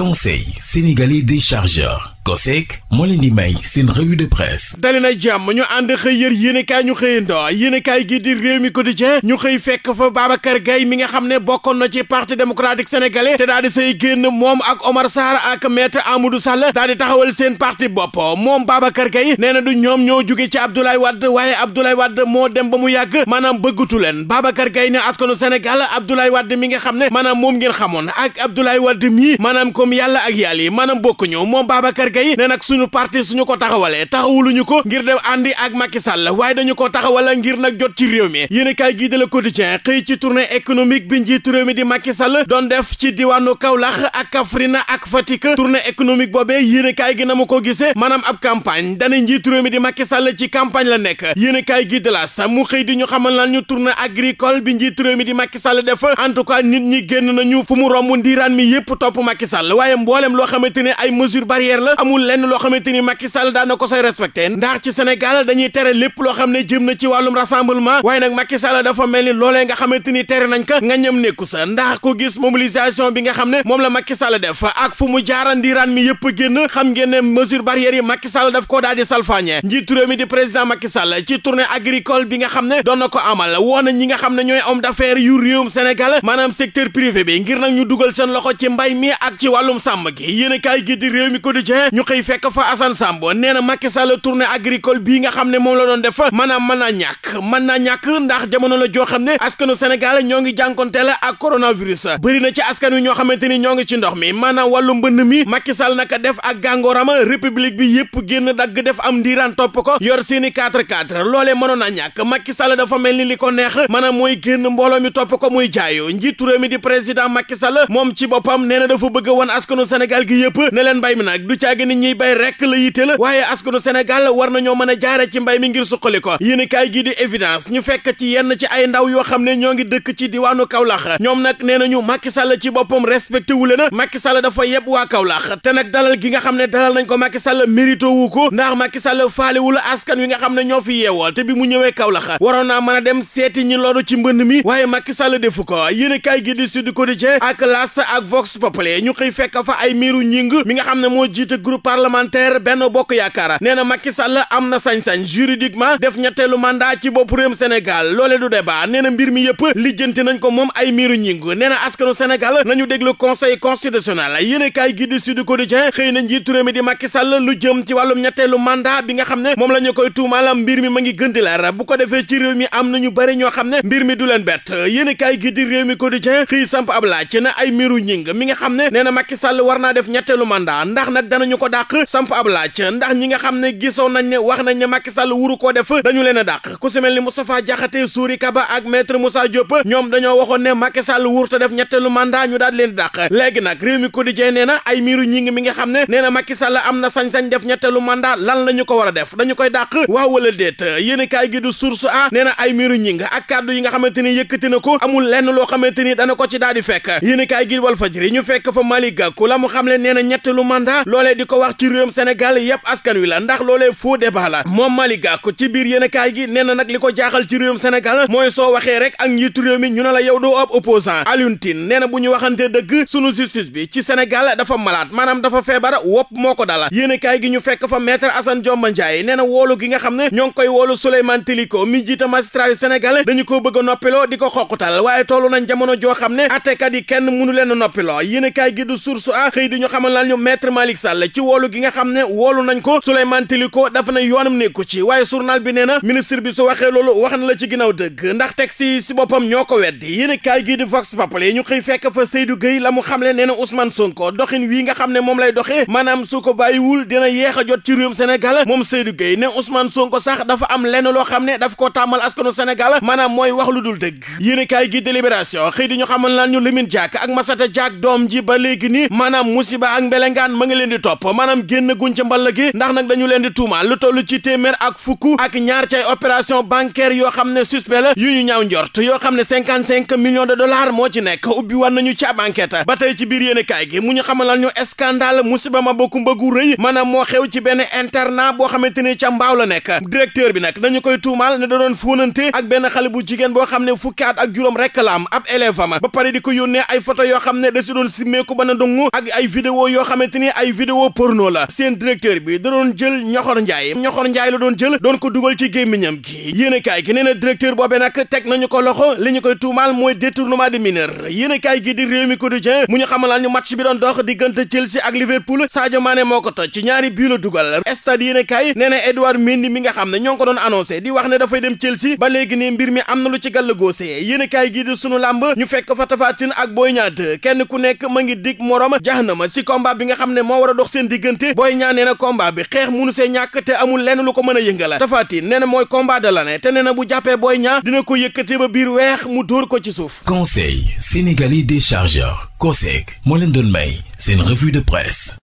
conseil sénégalais des chargeurs COSEC moo leen di may seen revue de presse dali ñu ànd xëy yër yéenekaay ñu xëyandoo yéenekaay gi di réew mi quotidien ñu xëy fekk fa Babacar Gaye mi nga xam ne bokkoon na ci parti démocratique sénégalais te daal di say génn moom ak Omar Sarr ak maître Amadou Sall daal di taxawal seen parti bopp moom Babacar gay nee na du ñoom ñoo jóge ci Abdoulaye Wade waaye Abdoulaye Wade moo dem ba mu yàgg maanaam bëggatu leen Babacar Gaye ne askanu Sénégal Abdoulaye Wade mi nga xam ne maanaam moom ngeen xamoon yàlla ak yàlla yi maanaam bokkuñu moom Babacar Gaye ne nag suñu parti ñu ko taxawalee taxawuluñu ko ngir dem àndi ak Macky Sall waaye dañu ko taxawala ngir nag jot ci réew mi yéen a kaay gii de Le Quotidien xëy ci tournée économique bi njiitu réew mi di Macky doon def ci diwaanu Kaolack ak Kaffrine ak Fatick tournée économique boobee yéen a kaay gi na ma ko gisee maanaam ab campagne dana njiitu réew mi di Macky Sall ci campagne la nekk yéen a kaay gii de la mu xëy di ñu xamal lan ñu tournée bi njiitu réew mi di Macky Sall en tout cas nit ñi génn nañu fu mu romb ndiiraan mi yëpp topp Macky Sall waaye mboolem loo xamante ni ay mesure barrière la amul lenn loo xamante ni Macky Sall daan na ko say respecté ndax ci Sénégal dañuy tere lépp loo xam ne jëm na ci wàllum rassemblement waaye nag Macky Sall dafa mel ni loolee nga xamante ni tere nañ ko nga ñëm nekku sa ndax ko gis mobilisation bi nga xam ne moom la Macky Sall def ak fu mu jaarandiraan mi yëpp génn xam ngeen ne mesure barrière yi Macky Sall daf koo daal di salfaañe njiitu réew mi di président Macky Sall ci tournée agricole nga xam ne doon na ko woo na ñi nga xam ne ñooy homme d'affaires yu réewum Sénégal maanaam secteur ngir nag ñu dugal seen loxo ci mbay mi wàllum sàmm gi yéen a kaay gi di réew mi quotidien ñu na Macky la doon def maanaam mën naa ñàkk mën naa ñàkk ndax jamono la joo ne askanu Sénégal ñoo ngi jànkonte la ak coronavirus bëri na ci askan wi ñoo xamante ni ñoo ngi ci ndox mi maanaam wàllu mbënd mi Macky Sall naka def ak gàngooram république bi yépp génn dagg def am ndiiraan topp ko yor seeni quatre quatre loolee mënoon naa ñàkk Macky Sall dafa mel ni li ko neex maanaam mooy génn mbooloo mi topp ko muy jaayo njiitu mi di président Macky Sall moom ci boppam nee dafa bëgg askanu Sénégal gi yëpp ne leen mbay mi nag du caagi nit ñuy bay rek la yitte la waaye askanu Sénégal war nañoo mën a jaare ci mbay mi ngir suqali ko yéen kaay gi di évidence ñu fekk ci yenn ci ay ndaw yoo xam ne ñoo ngi dëkk ci diwaanu lax ñoom nag nee nañu Macky Sall ci boppam respecté wu leen Macky Sall dafa yeb waa Kaolack te nag dalal gi nga xam ne dalal nañ ko Macky Sall mérito wu ko ndax Macky Sall faalewul askan wi nga xam ne ñoo fi yeewoo te bi mu ñëwee Kaolack waroon naa mën a dem seeti ñi loru ci mbënd mi waaye Macky Sall defu ko yéen kaay gi di Sud Quotidien ak L'As ak Vox Populi ñu xëy fekk fa ay miiru ñing mi nga xam ne moo jiite groupe parlementaire benn bokk yaakaar nee na Macky Sall am na sañ-sañ juridiquement def ñetteelu mandat ci bopp réewum Sénégal loole du débat nee na mbir mi yëpp lijjanti nañ ko moom ay miiru ñing nee na askanu Sénégal nañu déglu conseil constitutionnel yéene kaay gi di Sud Quotidien xëy na njiitu réew mi di Macky Sall lu jëm ci wàllum ñetteelu mandat bi nga xam ne moom la ñu koy tuumaal mbir mi ma ngi gën di bu ko defee ci réew mi am nañu bëri ñoo xam ne mbir mi du leen bett yéene kaay gi di mi quotidien xëy samp ab laaj na ay miiru ñing mi nga xam ne nee na Macky Macky Sall war naa def ñetteelu mandat ko dàq xam ne gisoon ne wax nañ ne Macky Sall wuru koo def dañu leen a dàq ku si mel ni Moustapha Diakhaté Souri Kaba ak maître Moussa Diop ñoom dañoo waxoon ne Macky Sall wur nee na ay miiru ñi ngi mi nga xam ne nee na Macky Sall am na sañ-sañ def ñetteelu mandat lan la ñu ko war a def dañu koy dàq waaw wala déet yéen kaay gi du source a nee na ay miiru ñi nga ak kàddu yi nga xamante ni yëkkati na ko amul lenn loo xamante ni dana ko ci daal di fekk yéen kaay gi Walf Fadjri ñu fekk fa Malick Gakou la mu xam le nee na ñetteelu mandat loolee di ko wax ci réewum Sénégal yépp askan wi la ndax loolee faux débat la moom Malick Gakou ci biir yéenekaay gi nee na nag li ko jaaxal ci réewum Sénégal mooy soo waxee rek ak njiitu réew mi ñu ne la yow doo ab opposant Alioune Tine nee na bu ñu waxante dëgg sunu justice bi ci Sénégal dafa malade maanaam dafa feebar wopp moo ko dala yéenekaay gi ñu fekk fa maître Assane Dioma Ndiaye nee na woolu gi nga xam ne ñoo ngi koy woolu Souleymane Teliko mi jiite magistrat yu Sénégal dañu ko bëgg a noppiloo di ko xoqutal waaye tollu nañ jamono joo xam ne attekat yi kenn mënu leen a source a xëy di ñu xamal laan ñu maître Malick ci woolu gi nga xam ne woolu nañ ko Souleymane Teliko dafa na yoonam nekku ci waaye journal bi nee na ministre bi su waxee loolu wax na la ci ginnaaw dëgg ndax texte yi si boppam ñoo ko weddi yéen kaay gii di Vox Populi ñu xëy fekk fa Seydou Gueye la mu xamle nee na Ousmane Sonko doxin wii nga xam ne moom lay doxee maanaam su ko bàyyiwul dina yeex a jot ci réewum moom Seydou di Libération xëy di ñu xamal laan gi maanaam musiba ak mbelengaan ma nga leen di topp maanaam génn guñ ci mball gi ndax nag dañu leen di tuumaal lu toll ci téeméer ak fukk ak ñaar cay opération bancaire yoo xam ne suspect la yu ñu ñaaw njort yoo xam ne cinquante cinq millions de dollars moo ci nekk ubbi wan nañu ci ab enquête ba tey ci biir yéen kaay gi mu ñu xamalal ñu scandale musiba ma bokku mbëggu rëy maanaam moo xew ci benn internat boo xamante ni ca mbaaw la nekk directeur bi nag dañu koy tuumaal ne da doon fóonante ak benn xale bu jigéen boo xam ne fukki at ak rek la am ab ba pare di ko yónnee ay photo yoo xam ne da si doon simmeeku ba na dong ak ay vidéo yoo xamante ni ay vidéo porno la seen directeur bi da doon jël ñoxor njaay ñoxor njaay la doon jël doon ko dugal ci gémmiñam gi yéene kaay gi nee na directeur boobee nag teg nañu ko loxo li ñu koy tuumaal mooy détournement de mineur yéene kaay gi di réew mi quotidien mu ñu xamalaan ñu match bi doon dox diggante Chelsea ak Liverpool Sadio Mané moo ko toj ci ñaari but la dugal stade yéene kaay nee na Edouard mi nga xam ne ñoo ngi ko doon annoncé dem Chelsea ba léegi nii mbir mi am na lu ci gàll goosee morom jahannama si combat bi nga xam ne moo war a dox seen diggante Boy Niang nee na combat bi xeex munu see ñàkk te amul lenn lu ko mën a yëngala Tapha Tine nee mooy combat de l'année te nee na bu jàppee Boy Niang dina ko yëkkate ba biir weex mu dóor ko ci suuf Conseil sénégalais des chargeurs COSEC moo leen doon may seen revue de presse